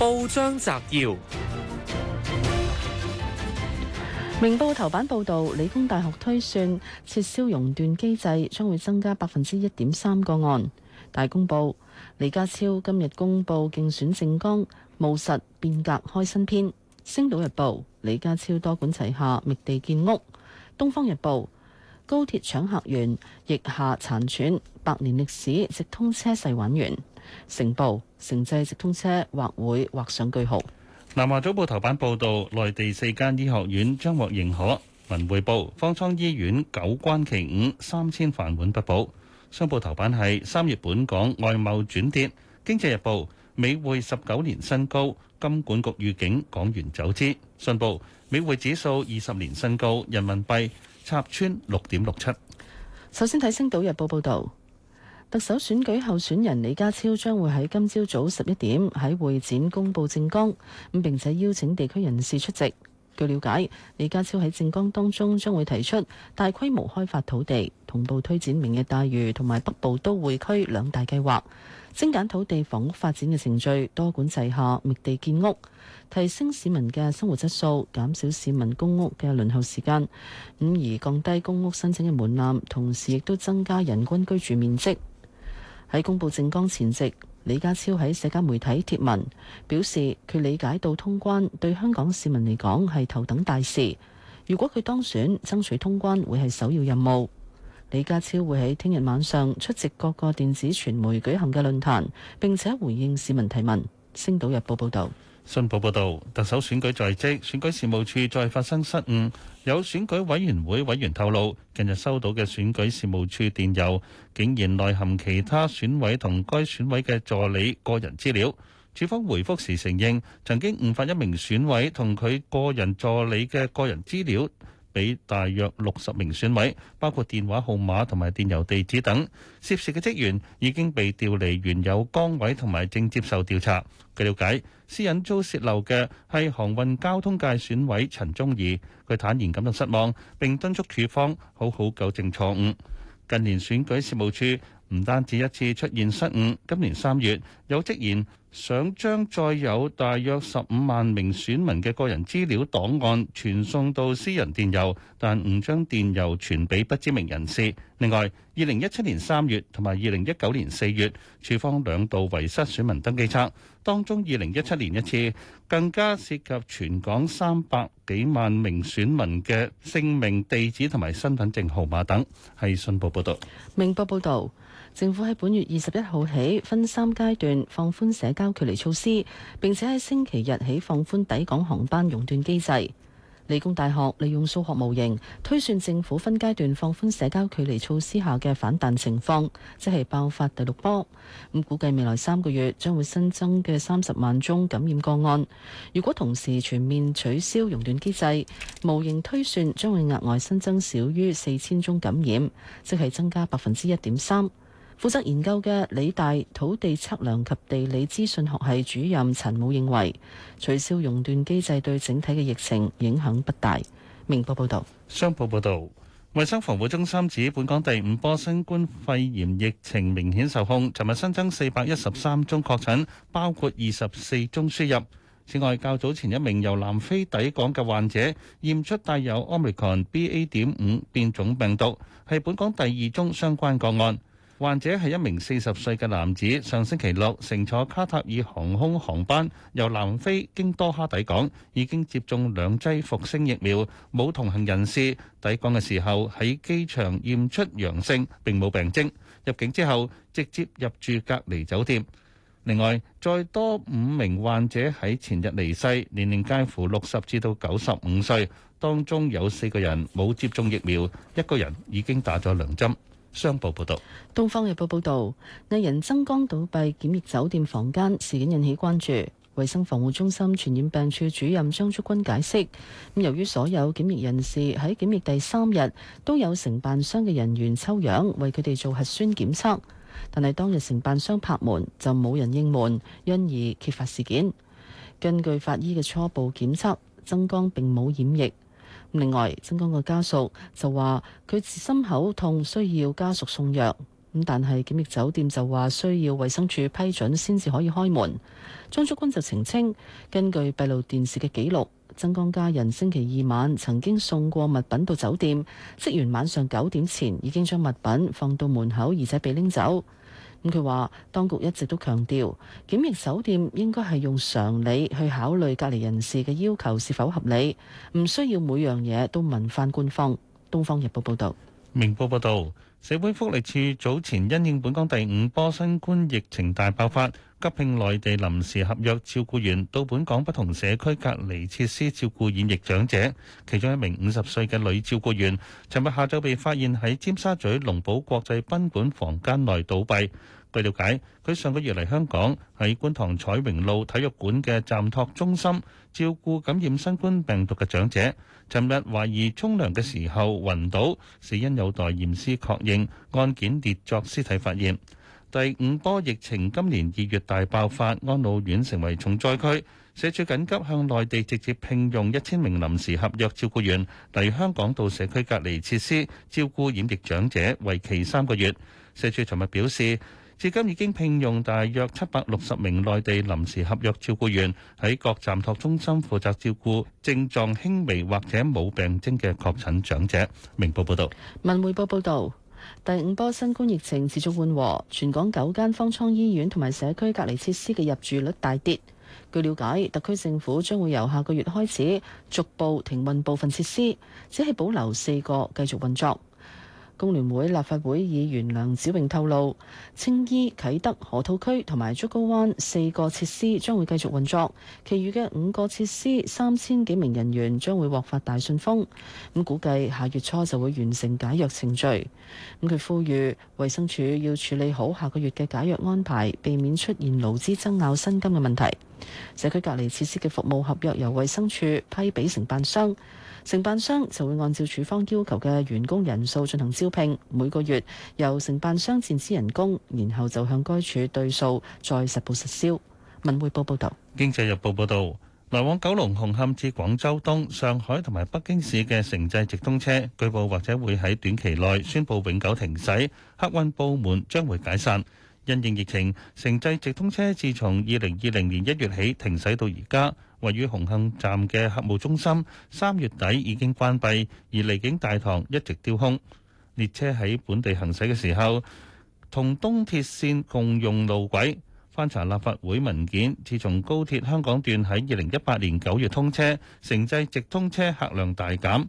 報章摘要：明報頭版報道，理工大學推算撤銷熔斷機制將會增加百分之一點三個案。大公報，李家超今日公布競選政綱，務實變革開新篇。星島日報，李家超多管齊下，覓地建屋。東方日報，高鐵搶客源，腋下殘喘，百年歷史直通車勢玩完。城步城際直通車或會畫上句號。南華早報頭版報導，內地四間醫學院將獲認可。文匯報，方艙醫院九關其五，三千飯碗不保。商報頭版係三月本港外貿轉跌。經濟日報，美匯十九年新高，金管局預警港元走資。信報，美匯指數二十年新高，人民幣插穿六點六七。首先睇星島日報報導。特首選舉候選人李家超將會喺今朝早十一點喺會展公佈政綱，咁並且邀請地區人士出席。據了解，李家超喺政綱當中將會提出大規模開發土地，同步推展明日大嶼同埋北部都會區兩大計劃，精簡土地房屋發展嘅程序，多管齊下，覓地建屋，提升市民嘅生活質素，減少市民公屋嘅輪候時間，咁而降低公屋申請嘅門檻，同時亦都增加人均居住面積。喺公佈政綱前夕，李家超喺社交媒體貼文表示，佢理解到通關對香港市民嚟講係頭等大事。如果佢當選，爭取通關會係首要任務，李家超會喺聽日晚上出席各個電子傳媒舉行嘅論壇，並且回應市民提問。星島日報報道。信報報導，特首選舉在即，選舉事務處再發生失誤。有選舉委員會委員透露，近日收到嘅選舉事務處電郵，竟然內含其他選委同該選委嘅助理個人資料。處方回覆時承認，曾經誤發一名選委同佢個人助理嘅個人資料，俾大約六十名選委，包括電話號碼同埋電郵地址等，涉事嘅職員已經被調離原有崗位同埋正接受調查。據了解，私隱遭洩漏嘅係航運交通界選委陳宗儀，佢坦言感到失望，並敦促處方好好糾正錯誤。近年選舉事務處唔單止一次出現失誤，今年三月有職員，想將再有大約十五萬名選民嘅個人資料檔案傳送到私人電郵，但唔將電郵傳俾不知名人士。另外，二零一七年三月同埋二零一九年四月，處方兩度遺失選民登記冊，當中二零一七年一次更加涉及全港三百幾萬名選民嘅姓名、地址同埋身份證號碼等。係信報報道。明報報導。政府喺本月二十一號起分三階段放寬社交距離措施，並且喺星期日起放寬抵港航班熔斷機制。理工大學利用數學模型推算政府分階段放寬社交距離措施下嘅反彈情況，即係爆發第六波。咁估計未來三個月將會新增嘅三十萬宗感染個案。如果同時全面取消熔斷機制，模型推算將會額外新增少於四千宗感染，即係增加百分之一點三。負責研究嘅理大土地測量及地理資訊學系主任陳武認為，取消熔斷機制對整體嘅疫情影響不大。明報報導，商報報導，衞生防護中心指本港第五波新冠肺炎疫情明顯受控，尋日新增四百一十三宗確診，包括二十四宗輸入。此外，較早前一名由南非抵港嘅患者驗出帶有 Omicron BA. 點五變種病毒，係本港第二宗相關個案。患者係一名四十歲嘅男子，上星期六乘坐卡塔爾航空航班由南非經多哈抵港，已經接種兩劑復星疫苗，冇同行人士。抵港嘅時候喺機場驗出陽性，並冇病徵。入境之後直接入住隔離酒店。另外，再多五名患者喺前日離世，年齡介乎六十至到九十五歲，當中有四個人冇接種疫苗，一個人已經打咗兩針。商報報道，《東方日報》報道，藝人曾江倒斃檢疫酒店房間事件引起關注。衛生防護中心傳染病處主任張竹君解釋：咁由於所有檢疫人士喺檢疫第三日都有承辦商嘅人員抽樣為佢哋做核酸檢測，但係當日承辦商拍門就冇人應門，因而揭發事件。根據法醫嘅初步檢測，曾江並冇染疫。另外，曾江嘅家屬就話佢自心口痛，需要家屬送藥。咁但係檢疫酒店就話需要衛生署批准先至可以開門。張竹君就澄清，根據閉路電視嘅記錄，曾江家人星期二晚曾經送過物品到酒店，職員晚上九點前已經將物品放到門口，而且被拎走。咁佢話，當局一直都強調，檢疫酒店應該係用常理去考慮隔離人士嘅要求是否合理，唔需要每樣嘢都問翻官方。《東方日報》報道，《明報》報道，社會福利處早前因應本港第五波新冠疫情大爆發。急聘內地臨時合約照顧員到本港不同社區隔離設施照顧染疫長者，其中一名五十歲嘅女照顧員，尋日下晝被發現喺尖沙咀龍堡國際賓館房間內倒斃。據了解，佢上個月嚟香港，喺觀塘彩榮路體育館嘅暫托中心照顧感染新冠病毒嘅長者。尋日懷疑沖涼嘅時候暈倒，死因有待驗屍確認，案件列作屍體發現。第五波疫情今年二月大爆發，安老院成為重災區，社署緊急向內地直接聘用一千名臨時合約照顧員嚟香港到社區隔離設施照顧染疫長者，為期三個月。社署尋日表示，至今已經聘用大約七百六十名內地臨時合約照顧員，喺各站托中心負責照顧症狀輕微或者冇病徵嘅確診長者。明報報道，文匯報報道。第五波新冠疫情持續緩和，全港九間方艙醫院同埋社區隔離設施嘅入住率大跌。據了解，特區政府將會由下個月開始逐步停運部分設施，只係保留四個繼續運作。工聯會立法會議員梁子穎透露，青衣、啟德、河套區同埋竹篙灣四個設施將會繼續運作，其餘嘅五個設施三千幾名人員將會獲發大信封，咁估計下月初就會完成解約程序。咁佢呼籲衞生署要處理好下個月嘅解約安排，避免出現勞資爭拗薪金嘅問題。社區隔離設施嘅服務合約由衞生署批俾承辦商。承辦商就會按照處方要求嘅員工人數進行招聘，每個月由承辦商墊資人工，然後就向該處對數再實報實銷。文匯報報道，《經濟日報》報道，來往九龍紅磡至廣州東、上海同埋北京市嘅城際直通車，據報或者會喺短期內宣布永久停駛，客運部門將會解散。因應疫情，城際直通車自從二零二零年一月起停駛到而家。位於紅磡站嘅客務中心，三月底已經關閉，而離境大堂一直丟空。列車喺本地行駛嘅時候，同東鐵線共用路軌。翻查立法會文件，自從高鐵香港段喺二零一八年九月通車，城際直通車客量大減。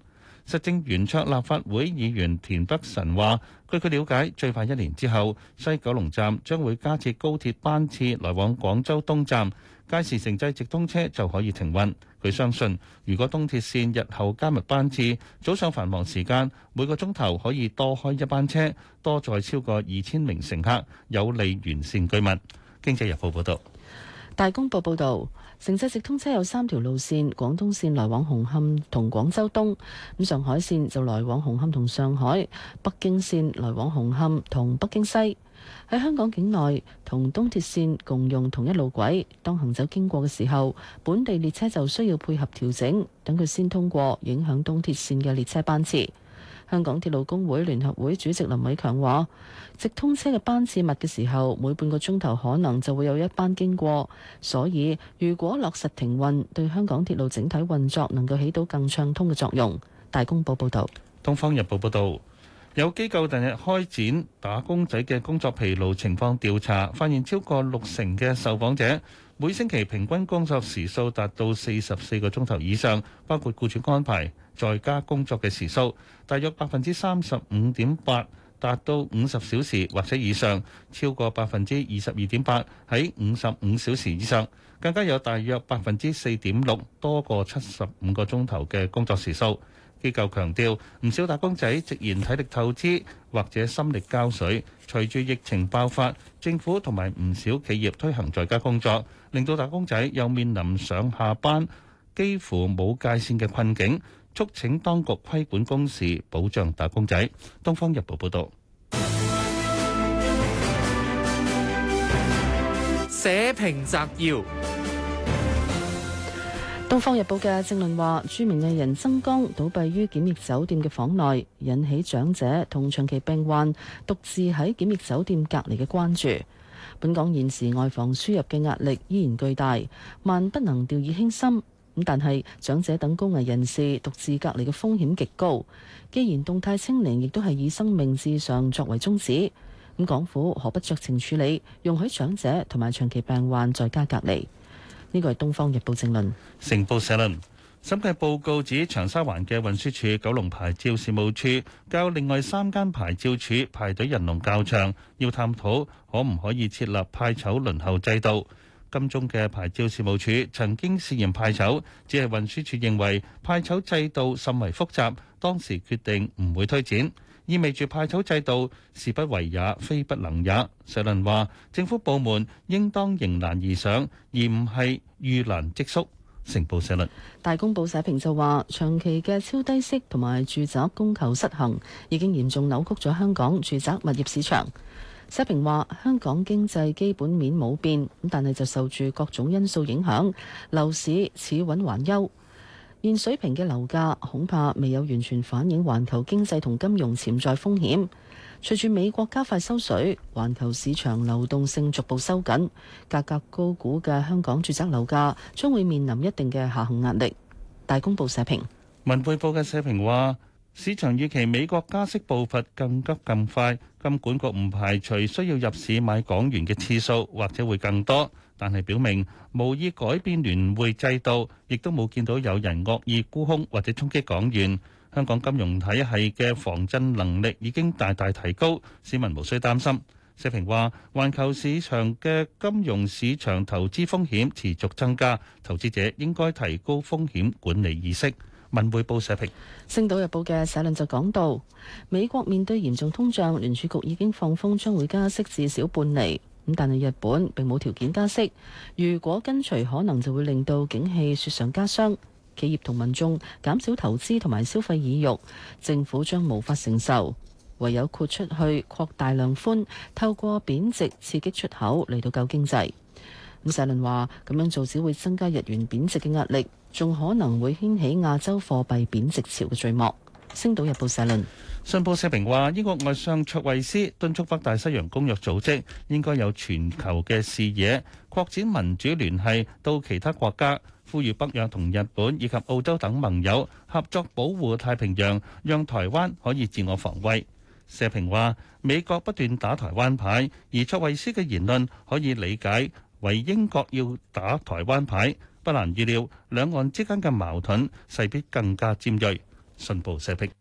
實政圓桌立法會議員田北辰話，據佢了解，最快一年之後，西九龍站將會加設高鐵班次來往廣州東站。屆時城際直通車就可以停運。佢相信，如果東鐵線日後加密班次，早上繁忙時間每個鐘頭可以多開一班車，多載超過二千名乘客，有利完善居民。經濟日報報導，大公報報導。城際直通車有三條路線，廣東線來往紅磡同廣州東，咁上海線就來往紅磡同上海，北京線來往紅磡同北京西。喺香港境內同東鐵線共用同一路軌，當行走經過嘅時候，本地列車就需要配合調整，等佢先通過影響東鐵線嘅列車班次。香港鐵路工會聯合會主席林偉強話，直通車嘅班次密嘅時候，每半個鐘頭可能就會有一班經過，所以如果落實停運，對香港鐵路整體運作能夠起到更暢通嘅作用。大公報報道，東方日報報道，有機構近日開展打工仔嘅工作疲勞情況調查，發現超過六成嘅受訪者每星期平均工作時數達到四十四個鐘頭以上，包括僱主安排。在家工作嘅時數大約百分之三十五點八達到五十小時或者以上，超過百分之二十二點八喺五十五小時以上，更加有大約百分之四點六多過七十五個鐘頭嘅工作時數。機構強調，唔少打工仔直言體力透支或者心力交瘁。隨住疫情爆發，政府同埋唔少企業推行在家工作，令到打工仔又面臨上下班幾乎冇界線嘅困境。促請當局規管工時，保障打工仔。《東方日報》報導，社評摘要：《東方日報》嘅正論話，著名藝人曾江倒斃於檢疫酒店嘅房內，引起長者同長期病患獨自喺檢疫酒店隔離嘅關注。本港現時外防輸入嘅壓力依然巨大，萬不能掉以輕心。咁但係長者等高危人士獨自隔離嘅風險極高，既然動態清零亦都係以生命至上作為宗旨，咁港府何不酌情處理，容許長者同埋長期病患在家隔離？呢個係《東方日報》正論。成報社論，審計報告指長沙灣嘅運輸署九龍牌照事務處較另外三間牌照處排隊人龍較長，要探討可唔可以設立派籌輪候制度。金鐘嘅牌照事務處曾經試驗派籌，只係運輸署認為派籌制度甚為複雜，當時決定唔會推展，意味住派籌制度是不為也，非不能也。社論話政府部門應當迎難而上，而唔係遇難即縮。成報社論。大公報社評就話，長期嘅超低息同埋住宅供求失衡，已經嚴重扭曲咗香港住宅物業市場。社評話香港經濟基本面冇變，咁但係就受住各種因素影響，樓市似穩還憂。現水平嘅樓價恐怕未有完全反映環球經濟同金融潛在風險。隨住美國加快收水，環球市場流動性逐步收緊，價格，格高估嘅香港住宅樓價將會面臨一定嘅下行壓力。大公報社評，文匯報嘅社評話。市場預期美國加息步伐更急更快，金管局唔排除需要入市買港元嘅次數，或者會更多。但係表明無意改變聯匯制度，亦都冇見到有人惡意沽空或者衝擊港元。香港金融體系嘅防震能力已經大大提高，市民無需擔心。社評話，環球市場嘅金融市場投資風險持續增加，投資者應該提高風險管理意識。文匯報社評，《星島日報》嘅社論就講到，美國面對嚴重通脹，聯儲局已經放風將會加息至少半厘。咁但係日本並冇條件加息，如果跟隨，可能就會令到景氣雪上加霜，企業同民眾減少投資同埋消費意欲，政府將無法承受，唯有豁出去，擴大量寬，透過貶值刺激出口嚟,到救經濟。咁，社論話咁樣做只會增加日元貶值嘅壓力，仲可能會掀起亞洲貨幣貶值潮嘅序幕。《星島日報》社論，信報社評話，英國外相卓慧斯敦促北大西洋公約組織應該有全球嘅視野，擴展民主聯繫到其他國家，呼籲北約同日本以及澳洲等盟友合作保護太平洋，讓台灣可以自我防衛。社評話，美國不斷打台灣牌，而卓慧斯嘅言論可以理解，為英國要打台灣牌，不難預料，兩岸之間嘅矛盾勢必更加尖鋭。信報社評。